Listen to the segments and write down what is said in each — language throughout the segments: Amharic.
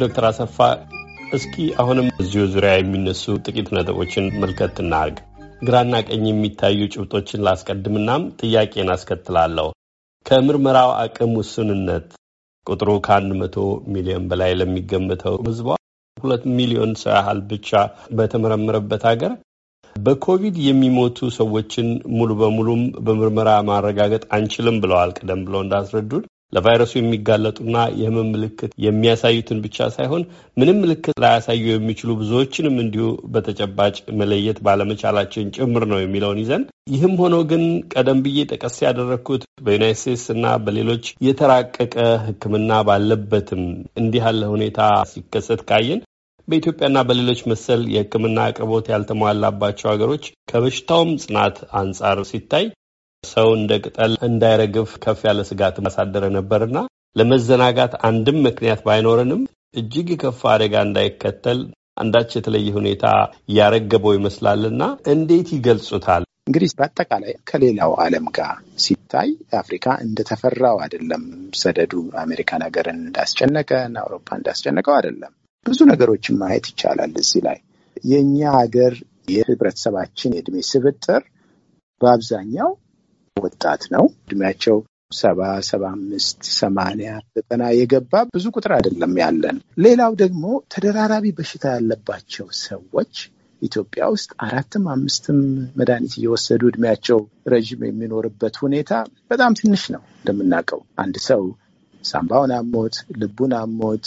ዶክተር አሰፋ እስኪ አሁንም እዚሁ ዙሪያ የሚነሱ ጥቂት ነጥቦችን መልከት እናርግ። ግራና ቀኝ የሚታዩ ጭብጦችን ላስቀድምናም ጥያቄን አስከትላለሁ። ከምርመራው አቅም ውስንነት ቁጥሩ ከአንድ መቶ ሚሊዮን በላይ ለሚገምተው ህዝቧ ሁለት ሚሊዮን ሰው ያህል ብቻ በተመረመረበት ሀገር በኮቪድ የሚሞቱ ሰዎችን ሙሉ በሙሉም በምርመራ ማረጋገጥ አንችልም ብለዋል። ቀደም ብለው እንዳስረዱን ለቫይረሱ የሚጋለጡና የህመም ምልክት የሚያሳዩትን ብቻ ሳይሆን ምንም ምልክት ላያሳዩ የሚችሉ ብዙዎችንም እንዲሁ በተጨባጭ መለየት ባለመቻላችን ጭምር ነው የሚለውን ይዘን ይህም ሆኖ ግን ቀደም ብዬ ጠቀስ ያደረግኩት በዩናይት ስቴትስ እና በሌሎች የተራቀቀ ሕክምና ባለበትም እንዲህ ያለ ሁኔታ ሲከሰት ካየን በኢትዮጵያና በሌሎች መሰል የሕክምና አቅርቦት ያልተሟላባቸው ሀገሮች ከበሽታውም ጽናት አንጻር ሲታይ ሰው እንደ ቅጠል እንዳይረግፍ ከፍ ያለ ስጋት ማሳደረ ነበርና ለመዘናጋት አንድም ምክንያት ባይኖረንም እጅግ የከፋ አደጋ እንዳይከተል አንዳች የተለየ ሁኔታ ያረገበው ይመስላልና እንዴት ይገልጹታል? እንግዲህ በአጠቃላይ ከሌላው ዓለም ጋር ሲታይ አፍሪካ እንደተፈራው አይደለም። ሰደዱ አሜሪካን እንዳስጨነቀ እንዳስጨነቀን፣ አውሮፓ እንዳስጨነቀው አይደለም። ብዙ ነገሮችን ማየት ይቻላል። እዚህ ላይ የእኛ ሀገር የህብረተሰባችን የእድሜ ስብጥር በአብዛኛው ወጣት ነው። እድሜያቸው ሰባ ሰባ አምስት ሰማንያ ዘጠና የገባ ብዙ ቁጥር አይደለም ያለን። ሌላው ደግሞ ተደራራቢ በሽታ ያለባቸው ሰዎች ኢትዮጵያ ውስጥ አራትም አምስትም መድኃኒት እየወሰዱ እድሜያቸው ረዥም የሚኖርበት ሁኔታ በጣም ትንሽ ነው። እንደምናውቀው አንድ ሰው ሳምባውን አሞት፣ ልቡን አሞት፣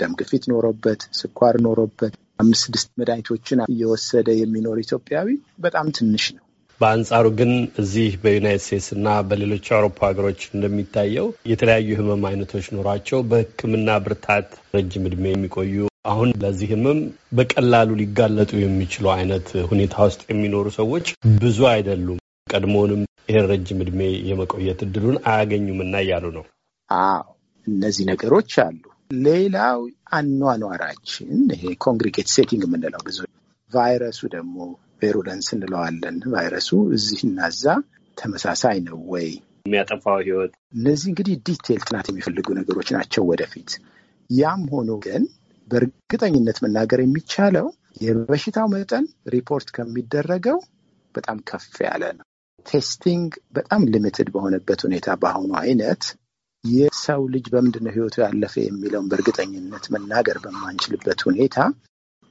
ደም ግፊት ኖሮበት፣ ስኳር ኖሮበት አምስት ስድስት መድኃኒቶችን እየወሰደ የሚኖር ኢትዮጵያዊ በጣም ትንሽ ነው። በአንጻሩ ግን እዚህ በዩናይት ስቴትስ እና በሌሎች አውሮፓ ሀገሮች እንደሚታየው የተለያዩ ህመም አይነቶች ኖሯቸው በህክምና ብርታት ረጅም እድሜ የሚቆዩ አሁን ለዚህ ህመም በቀላሉ ሊጋለጡ የሚችሉ አይነት ሁኔታ ውስጥ የሚኖሩ ሰዎች ብዙ አይደሉም። ቀድሞውንም ይህን ረጅም እድሜ የመቆየት እድሉን አያገኙም እና እያሉ ነው። አዎ እነዚህ ነገሮች አሉ። ሌላው አኗኗራችን ይሄ ኮንግሪጌት ሴቲንግ የምንለው ብዙ ቫይረሱ ደግሞ ቬሩለንስ እንለዋለን። ቫይረሱ እዚህ እናዛ ተመሳሳይ ነው ወይ የሚያጠፋው ህይወት? እነዚህ እንግዲህ ዲቴል ጥናት የሚፈልጉ ነገሮች ናቸው ወደፊት። ያም ሆኖ ግን በእርግጠኝነት መናገር የሚቻለው የበሽታው መጠን ሪፖርት ከሚደረገው በጣም ከፍ ያለ ነው። ቴስቲንግ በጣም ሊሚትድ በሆነበት ሁኔታ በአሁኑ አይነት የሰው ልጅ በምንድን ነው ህይወቱ ያለፈ የሚለውን በእርግጠኝነት መናገር በማንችልበት ሁኔታ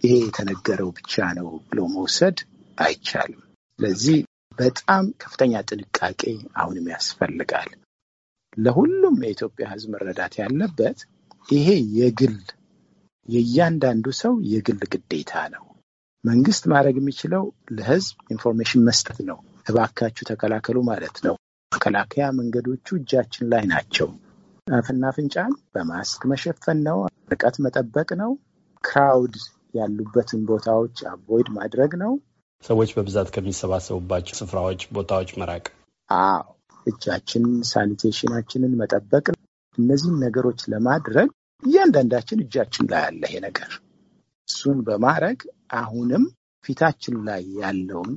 ይሄ የተነገረው ብቻ ነው ብሎ መውሰድ አይቻልም። ስለዚህ በጣም ከፍተኛ ጥንቃቄ አሁንም ያስፈልጋል። ለሁሉም የኢትዮጵያ ህዝብ መረዳት ያለበት ይሄ የግል የእያንዳንዱ ሰው የግል ግዴታ ነው። መንግስት ማድረግ የሚችለው ለህዝብ ኢንፎርሜሽን መስጠት ነው። እባካችሁ ተከላከሉ ማለት ነው። መከላከያ መንገዶቹ እጃችን ላይ ናቸው። አፍና አፍንጫን በማስክ መሸፈን ነው። ርቀት መጠበቅ ነው። ክራውድ ያሉበትን ቦታዎች አቮይድ ማድረግ ነው። ሰዎች በብዛት ከሚሰባሰቡባቸው ስፍራዎች፣ ቦታዎች መራቅ። አዎ እጃችንን፣ ሳኒቴሽናችንን መጠበቅ። እነዚህን ነገሮች ለማድረግ እያንዳንዳችን እጃችን ላይ አለ ይሄ ነገር። እሱን በማድረግ አሁንም ፊታችን ላይ ያለውን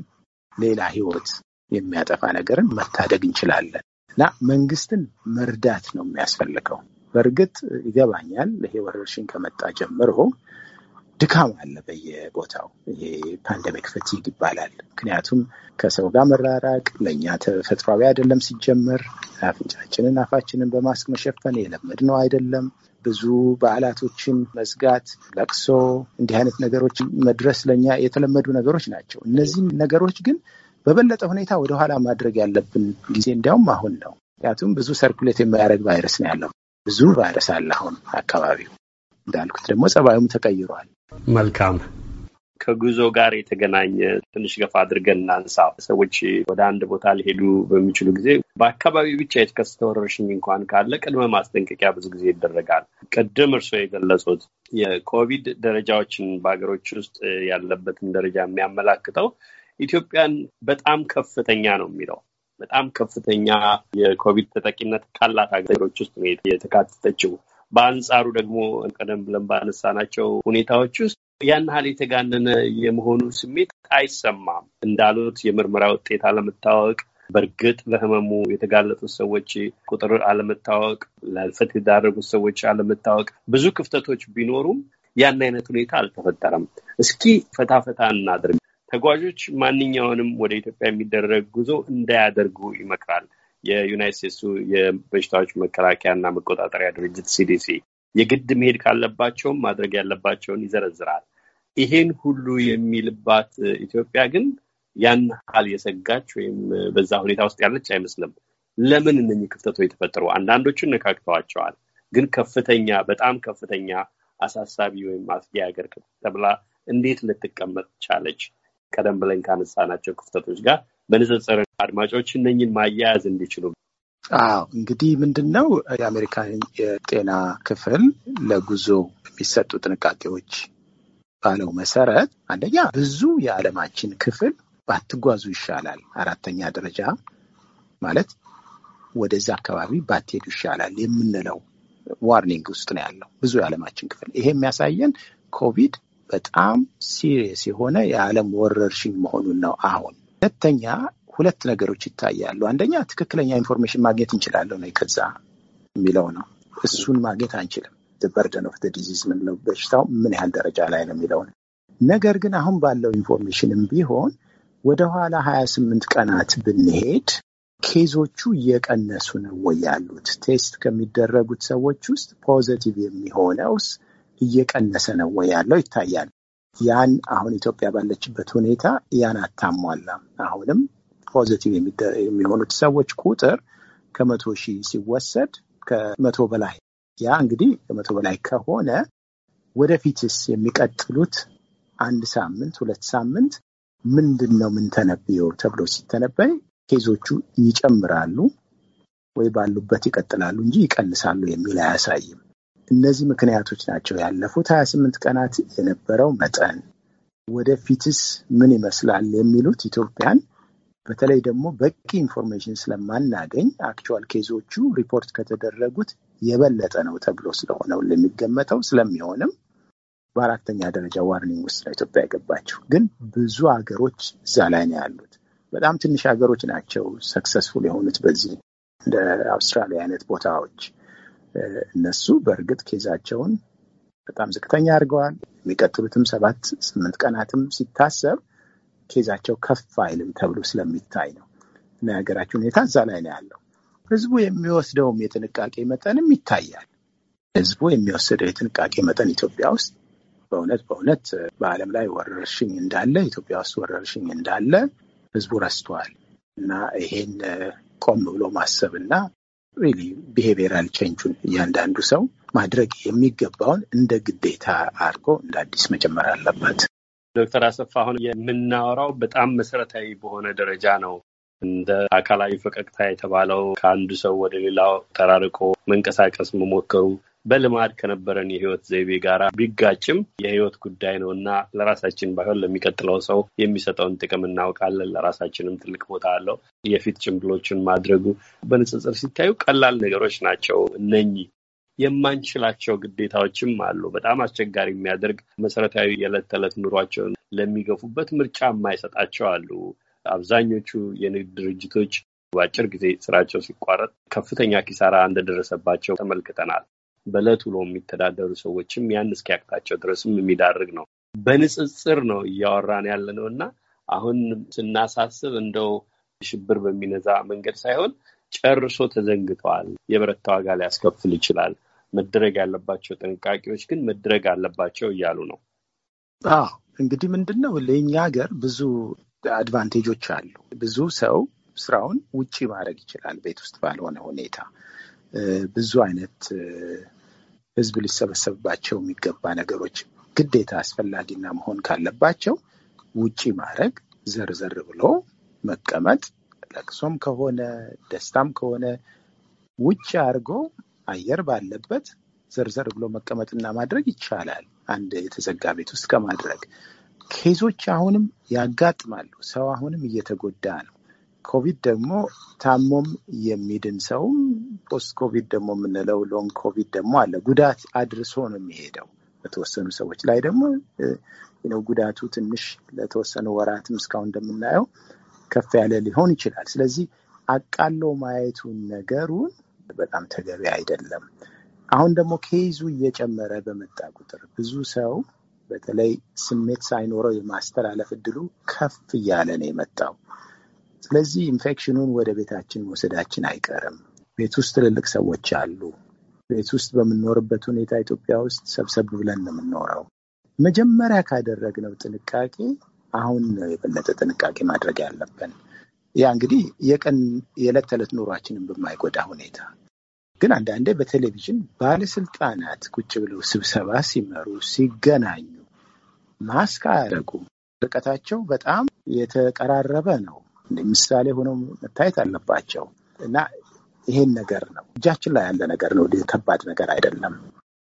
ሌላ ህይወት የሚያጠፋ ነገርን መታደግ እንችላለን እና መንግስትን መርዳት ነው የሚያስፈልገው። በእርግጥ ይገባኛል፣ ይሄ ወረርሽኝ ከመጣ ጀምሮ ድካም አለ በየቦታው። ይሄ ፓንደሚክ ፈቲግ ይባላል። ምክንያቱም ከሰው ጋር መራራቅ ለእኛ ተፈጥሯዊ አይደለም። ሲጀመር አፍንጫችንን፣ አፋችንን በማስክ መሸፈን የለመድ ነው አይደለም። ብዙ በዓላቶችን መዝጋት፣ ለቅሶ፣ እንዲህ አይነት ነገሮች መድረስ ለእኛ የተለመዱ ነገሮች ናቸው። እነዚህ ነገሮች ግን በበለጠ ሁኔታ ወደኋላ ማድረግ ያለብን ጊዜ እንዲያውም አሁን ነው። ምክንያቱም ብዙ ሰርኩሌት የሚያደረግ ቫይረስ ነው ያለው። ብዙ ቫይረስ አለ አሁን አካባቢው። እንዳልኩት ደግሞ ጸባዩም ተቀይሯል። መልካም ከጉዞ ጋር የተገናኘ ትንሽ ገፋ አድርገን እናንሳ። ሰዎች ወደ አንድ ቦታ ሊሄዱ በሚችሉ ጊዜ በአካባቢው ብቻ የተከሰተ ወረርሽኝ እንኳን ካለ ቅድመ ማስጠንቀቂያ ብዙ ጊዜ ይደረጋል። ቅድም እርስዎ የገለጹት የኮቪድ ደረጃዎችን በሀገሮች ውስጥ ያለበትን ደረጃ የሚያመላክተው ኢትዮጵያን በጣም ከፍተኛ ነው የሚለው በጣም ከፍተኛ የኮቪድ ተጠቂነት ካላት ሀገሮች ውስጥ ነው የተካተተችው። በአንጻሩ ደግሞ ቀደም ብለን ባነሳናቸው ሁኔታዎች ውስጥ ያን ያህል የተጋነነ የመሆኑ ስሜት አይሰማም። እንዳሉት የምርመራ ውጤት አለመታወቅ፣ በእርግጥ ለህመሙ የተጋለጡት ሰዎች ቁጥር አለመታወቅ፣ ለሕልፈት የዳረጉት ሰዎች አለመታወቅ፣ ብዙ ክፍተቶች ቢኖሩም ያን አይነት ሁኔታ አልተፈጠረም። እስኪ ፈታፈታ እናድርግ። ተጓዦች ማንኛውንም ወደ ኢትዮጵያ የሚደረግ ጉዞ እንዳያደርጉ ይመክራል። የዩናይት ስቴትሱ የበሽታዎች መከላከያና መቆጣጠሪያ ድርጅት ሲዲሲ የግድ መሄድ ካለባቸውም ማድረግ ያለባቸውን ይዘረዝራል። ይሄን ሁሉ የሚልባት ኢትዮጵያ ግን ያን ሀል የሰጋች ወይም በዛ ሁኔታ ውስጥ ያለች አይመስልም። ለምን እነኚህ ክፍተቶች የተፈጠሩ? አንዳንዶቹ ነካክተዋቸዋል። ግን ከፍተኛ በጣም ከፍተኛ አሳሳቢ ወይም አስጊ ሀገር ተብላ እንዴት ልትቀመጥ ቻለች? ቀደም ብለን ካነሳናቸው ክፍተቶች ጋር በንጽጽር አድማጮች እነኝን ማያያዝ እንዲችሉ አዎ እንግዲህ ምንድን ነው የአሜሪካን የጤና ክፍል ለጉዞ የሚሰጡ ጥንቃቄዎች ባለው መሰረት አንደኛ ብዙ የዓለማችን ክፍል ባትጓዙ ይሻላል። አራተኛ ደረጃ ማለት ወደዛ አካባቢ ባትሄዱ ይሻላል የምንለው ዋርኒንግ ውስጥ ነው ያለው ብዙ የዓለማችን ክፍል። ይሄ የሚያሳየን ኮቪድ በጣም ሲሪየስ የሆነ የዓለም ወረርሽኝ መሆኑን ነው። አሁን ሁለተኛ ሁለት ነገሮች ይታያሉ። አንደኛ ትክክለኛ ኢንፎርሜሽን ማግኘት እንችላለን ነው ከዛ የሚለው ነው። እሱን ማግኘት አንችልም። በርደን ኦፍ ዲዚዝ ምንለው በሽታው ምን ያህል ደረጃ ላይ ነው የሚለው ነው። ነገር ግን አሁን ባለው ኢንፎርሜሽንም ቢሆን ወደኋላ ሀያ ስምንት ቀናት ብንሄድ ኬዞቹ እየቀነሱ ነው ወይ ያሉት ቴስት ከሚደረጉት ሰዎች ውስጥ ፖዘቲቭ የሚሆነውስ እየቀነሰ ነው ወይ ያለው ይታያል። ያን አሁን ኢትዮጵያ ባለችበት ሁኔታ ያን አታሟላም። አሁንም ፖዘቲቭ የሚሆኑት ሰዎች ቁጥር ከመቶ ሺህ ሲወሰድ ከመቶ በላይ ያ እንግዲህ ከመቶ በላይ ከሆነ ወደፊትስ የሚቀጥሉት አንድ ሳምንት ሁለት ሳምንት ምንድን ነው ምንተነብየው ተብሎ ሲተነበይ ኬዞቹ ይጨምራሉ ወይ ባሉበት ይቀጥላሉ እንጂ ይቀንሳሉ የሚል አያሳይም። እነዚህ ምክንያቶች ናቸው ያለፉት ሀያ ስምንት ቀናት የነበረው መጠን ወደፊትስ ምን ይመስላል የሚሉት ኢትዮጵያን በተለይ ደግሞ በቂ ኢንፎርሜሽን ስለማናገኝ አክቹዋል ኬዞቹ ሪፖርት ከተደረጉት የበለጠ ነው ተብሎ ስለሆነው የሚገመተው ስለሚሆንም በአራተኛ ደረጃ ዋርኒንግ ውስጥ ነው ኢትዮጵያ የገባቸው። ግን ብዙ ሀገሮች እዛ ላይ ነው ያሉት። በጣም ትንሽ ሀገሮች ናቸው ሰክሰስፉል የሆኑት በዚህ እንደ አውስትራሊያ አይነት ቦታዎች እነሱ በእርግጥ ኬዛቸውን በጣም ዝቅተኛ አድርገዋል። የሚቀጥሉትም ሰባት ስምንት ቀናትም ሲታሰብ ኬዛቸው ከፍ አይልም ተብሎ ስለሚታይ ነው እና የሀገራችን ሁኔታ እዛ ላይ ነው ያለው። ህዝቡ የሚወስደውም የጥንቃቄ መጠንም ይታያል። ህዝቡ የሚወስደው የጥንቃቄ መጠን ኢትዮጵያ ውስጥ በእውነት በእውነት በዓለም ላይ ወረርሽኝ እንዳለ ኢትዮጵያ ውስጥ ወረርሽኝ እንዳለ ህዝቡ ረስተዋል እና ይሄን ቆም ብሎ ማሰብ እና ሪሊ ቢሄቪየራል ቼንጁን እያንዳንዱ ሰው ማድረግ የሚገባውን እንደ ግዴታ አድርጎ እንደ አዲስ መጀመር አለበት። ዶክተር አሰፋ አሁን የምናወራው በጣም መሰረታዊ በሆነ ደረጃ ነው። እንደ አካላዊ ፈቀቅታ የተባለው ከአንዱ ሰው ወደ ሌላው ተራርቆ መንቀሳቀስ መሞከሩ በልማድ ከነበረን የህይወት ዘይቤ ጋር ቢጋጭም የህይወት ጉዳይ ነው እና ለራሳችን ባይሆን ለሚቀጥለው ሰው የሚሰጠውን ጥቅም እናውቃለን። ለራሳችንም ትልቅ ቦታ አለው። የፊት ጭንብሎችን ማድረጉ በንጽጽር ሲታዩ ቀላል ነገሮች ናቸው እነኚህ የማንችላቸው ግዴታዎችም አሉ። በጣም አስቸጋሪ የሚያደርግ መሰረታዊ የዕለት ተዕለት ኑሯቸውን ለሚገፉበት ምርጫ የማይሰጣቸው አሉ። አብዛኞቹ የንግድ ድርጅቶች በአጭር ጊዜ ስራቸው ሲቋረጥ ከፍተኛ ኪሳራ እንደደረሰባቸው ተመልክተናል። በለት ውሎ የሚተዳደሩ ሰዎችም ያን እስኪያቅታቸው ድረስም የሚዳርግ ነው። በንጽጽር ነው እያወራን ያለ ነው እና አሁን ስናሳስብ እንደው ሽብር በሚነዛ መንገድ ሳይሆን ጨርሶ ተዘንግተዋል። የበረታ ዋጋ ሊያስከፍል ይችላል። መድረግ ያለባቸው ጥንቃቄዎች ግን መድረግ አለባቸው እያሉ ነው። አዎ እንግዲህ ምንድን ነው ለእኛ ሀገር ብዙ አድቫንቴጆች አሉ። ብዙ ሰው ስራውን ውጪ ማድረግ ይችላል ቤት ውስጥ ባልሆነ ሁኔታ ብዙ አይነት ህዝብ ሊሰበሰብባቸው የሚገባ ነገሮች ግዴታ አስፈላጊና መሆን ካለባቸው ውጪ ማድረግ ዘርዘር ብሎ መቀመጥ፣ ለቅሶም ከሆነ ደስታም ከሆነ ውጭ አድርጎ አየር ባለበት ዘርዘር ብሎ መቀመጥና ማድረግ ይቻላል። አንድ የተዘጋ ቤት ውስጥ ከማድረግ ኬዞች አሁንም ያጋጥማሉ። ሰው አሁንም እየተጎዳ ነው። ኮቪድ ደግሞ ታሞም የሚድን ሰውም ፖስት ኮቪድ ደግሞ የምንለው ሎንግ ኮቪድ ደግሞ አለ። ጉዳት አድርሶ ነው የሚሄደው። በተወሰኑ ሰዎች ላይ ደግሞ ጉዳቱ ትንሽ ለተወሰኑ ወራትም እስካሁን እንደምናየው ከፍ ያለ ሊሆን ይችላል። ስለዚህ አቃሎ ማየቱን ነገሩን በጣም ተገቢ አይደለም። አሁን ደግሞ ከይዙ እየጨመረ በመጣ ቁጥር ብዙ ሰው በተለይ ስሜት ሳይኖረው የማስተላለፍ እድሉ ከፍ እያለ ነው የመጣው። ስለዚህ ኢንፌክሽኑን ወደ ቤታችን መውሰዳችን አይቀርም። ቤት ውስጥ ትልልቅ ሰዎች አሉ። ቤት ውስጥ በምንኖርበት ሁኔታ ኢትዮጵያ ውስጥ ሰብሰብ ብለን ነው የምንኖረው። መጀመሪያ ካደረግነው ጥንቃቄ አሁን ነው የበለጠ ጥንቃቄ ማድረግ ያለብን። ያ እንግዲህ የቀን የዕለት ተዕለት ኑሯችንን በማይጎዳ ሁኔታ ግን አንዳንዴ በቴሌቪዥን ባለስልጣናት ቁጭ ብለው ስብሰባ ሲመሩ ሲገናኙ ማስክ አያደርጉ፣ ርቀታቸው በጣም የተቀራረበ ነው። ምሳሌ ሆነው መታየት አለባቸው እና ይሄን ነገር ነው እጃችን ላይ ያለ ነገር ነው። ከባድ ነገር አይደለም።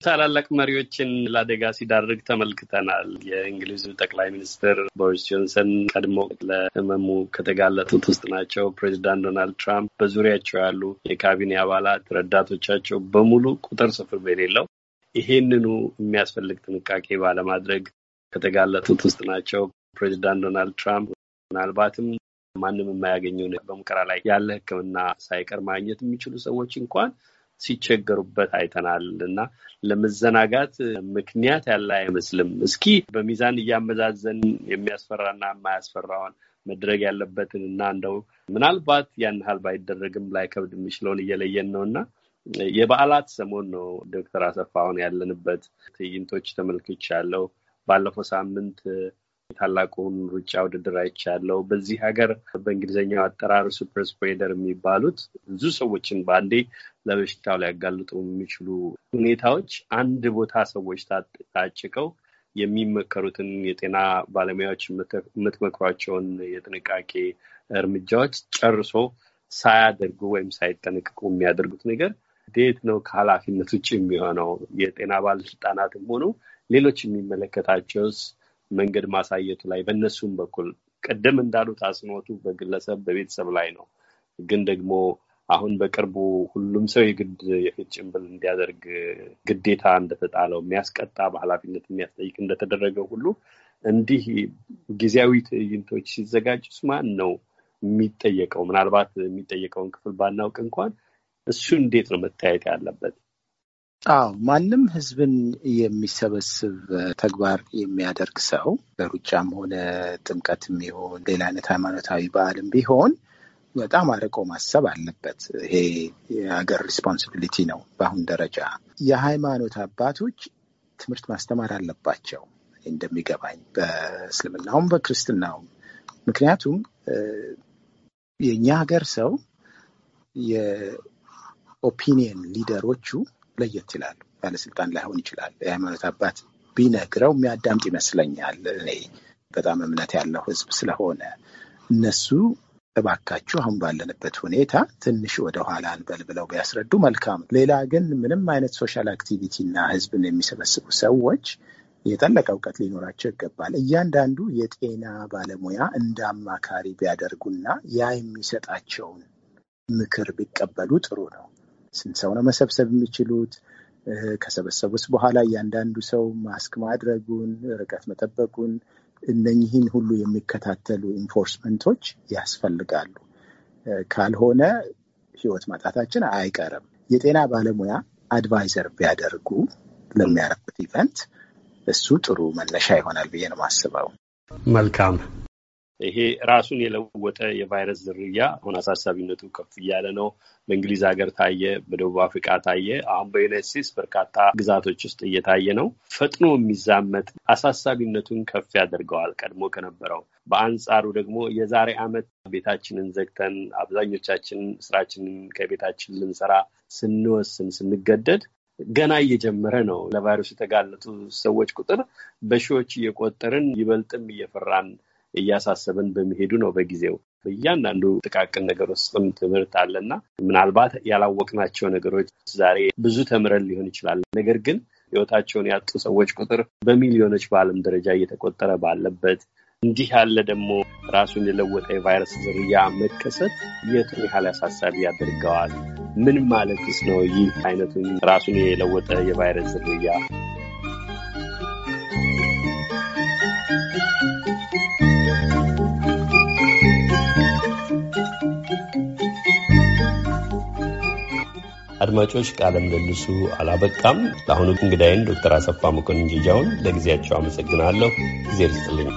ታላላቅ መሪዎችን ለአደጋ ሲዳርግ ተመልክተናል። የእንግሊዙ ጠቅላይ ሚኒስትር ቦሪስ ጆንሰን ቀድሞ ለሕመሙ ከተጋለጡት ውስጥ ናቸው። ፕሬዚዳንት ዶናልድ ትራምፕ፣ በዙሪያቸው ያሉ የካቢኔ አባላት፣ ረዳቶቻቸው በሙሉ ቁጥር ስፍር በሌለው ይሄንኑ የሚያስፈልግ ጥንቃቄ ባለማድረግ ከተጋለጡት ውስጥ ናቸው። ፕሬዚዳንት ዶናልድ ትራምፕ ምናልባትም ማንም የማያገኘው በሙከራ ላይ ያለ ሕክምና ሳይቀር ማግኘት የሚችሉ ሰዎች እንኳን ሲቸገሩበት አይተናል እና ለመዘናጋት ምክንያት ያለ አይመስልም። እስኪ በሚዛን እያመዛዘን የሚያስፈራና የማያስፈራውን መድረግ ያለበትን እና እንደው ምናልባት ያን ያህል ባይደረግም ላይከብድ የሚችለውን እየለየን ነው እና የበዓላት ሰሞን ነው ዶክተር አሰፋ አሁን ያለንበት ትዕይንቶች ተመልክቻለሁ። ባለፈው ሳምንት ታላቁን ሩጫ ውድድር አይቻለው። በዚህ ሀገር በእንግሊዝኛው አጠራር ሱፐር ስፕሬደር የሚባሉት ብዙ ሰዎችን በአንዴ ለበሽታው ሊያጋልጡ የሚችሉ ሁኔታዎች አንድ ቦታ ሰዎች ታጭቀው የሚመከሩትን የጤና ባለሙያዎች የምትመክሯቸውን የጥንቃቄ እርምጃዎች ጨርሶ ሳያደርጉ ወይም ሳይጠነቅቁ የሚያደርጉት ነገር እንዴት ነው ከኃላፊነት ውጭ የሚሆነው? የጤና ባለስልጣናትም ሆኑ ሌሎች የሚመለከታቸውስ መንገድ ማሳየቱ ላይ በእነሱም በኩል ቅድም እንዳሉት አጽንኦቱ በግለሰብ በቤተሰብ ላይ ነው። ግን ደግሞ አሁን በቅርቡ ሁሉም ሰው የግድ የፊት ጭንብል እንዲያደርግ ግዴታ እንደተጣለው የሚያስቀጣ በኃላፊነት የሚያስጠይቅ እንደተደረገ ሁሉ እንዲህ ጊዜያዊ ትዕይንቶች ሲዘጋጁስ ማን ነው የሚጠየቀው? ምናልባት የሚጠየቀውን ክፍል ባናውቅ እንኳን እሱ እንዴት ነው መታየት ያለበት? አዎ ማንም ህዝብን የሚሰበስብ ተግባር የሚያደርግ ሰው በሩጫም ሆነ ጥምቀትም ይሆን ሌላ አይነት ሃይማኖታዊ በዓልም ቢሆን በጣም አርቆ ማሰብ አለበት። ይሄ የሀገር ሪስፖንሲቢሊቲ ነው። በአሁን ደረጃ የሃይማኖት አባቶች ትምህርት ማስተማር አለባቸው እንደሚገባኝ በእስልምናውም በክርስትናውም። ምክንያቱም የእኛ ሀገር ሰው የኦፒኒየን ሊደሮቹ ለየት ይላል። ባለስልጣን ላይሆን ይችላል። የሃይማኖት አባት ቢነግረው የሚያዳምጥ ይመስለኛል። እኔ በጣም እምነት ያለው ህዝብ ስለሆነ እነሱ እባካችሁ አሁን ባለንበት ሁኔታ ትንሽ ወደኋላ አንበል ብለው ቢያስረዱ መልካም። ሌላ ግን ምንም አይነት ሶሻል አክቲቪቲ እና ህዝብን የሚሰበስቡ ሰዎች የጠለቀ እውቀት ሊኖራቸው ይገባል። እያንዳንዱ የጤና ባለሙያ እንደ አማካሪ ቢያደርጉና ያ የሚሰጣቸውን ምክር ቢቀበሉ ጥሩ ነው። ስንት ሰው ነው መሰብሰብ የሚችሉት? ከሰበሰቡስ በኋላ እያንዳንዱ ሰው ማስክ ማድረጉን፣ ርቀት መጠበቁን እነኚህን ሁሉ የሚከታተሉ ኢንፎርስመንቶች ያስፈልጋሉ። ካልሆነ ህይወት ማጣታችን አይቀርም። የጤና ባለሙያ አድቫይዘር ቢያደርጉ ለሚያረጉት ኢቨንት እሱ ጥሩ መነሻ ይሆናል ብዬ ነው የማስበው። መልካም ይሄ ራሱን የለወጠ የቫይረስ ዝርያ አሁን አሳሳቢነቱ ከፍ እያለ ነው። በእንግሊዝ ሀገር ታየ፣ በደቡብ አፍሪካ ታየ፣ አሁን በዩናይት ስቴትስ በርካታ ግዛቶች ውስጥ እየታየ ነው። ፈጥኖ የሚዛመት አሳሳቢነቱን ከፍ ያደርገዋል ቀድሞ ከነበረው። በአንጻሩ ደግሞ የዛሬ ዓመት ቤታችንን ዘግተን አብዛኞቻችን ስራችንን ከቤታችን ልንሰራ ስንወስን ስንገደድ ገና እየጀመረ ነው። ለቫይረሱ የተጋለጡ ሰዎች ቁጥር በሺዎች እየቆጠርን ይበልጥም እየፈራን እያሳሰብን በሚሄዱ ነው። በጊዜው በእያንዳንዱ ጥቃቅን ነገር ውስጥም ትምህርት አለና ምናልባት ያላወቅናቸው ነገሮች ዛሬ ብዙ ተምረን ሊሆን ይችላል። ነገር ግን ሕይወታቸውን ያጡ ሰዎች ቁጥር በሚሊዮኖች በዓለም ደረጃ እየተቆጠረ ባለበት እንዲህ ያለ ደግሞ ራሱን የለወጠ የቫይረስ ዝርያ መከሰት የቱን ያህል አሳሳቢ ያደርገዋል? ምን ማለትስ ነው ይህ አይነቱን ራሱን የለወጠ የቫይረስ ዝርያ አድማጮች፣ ቃለ ምልልሱ አላበቃም። ለአሁኑ እንግዳይን ዶክተር አሰፋ መኮንን ጂጃውን ለጊዜያቸው አመሰግናለሁ። ጊዜ ርስጥልኝ።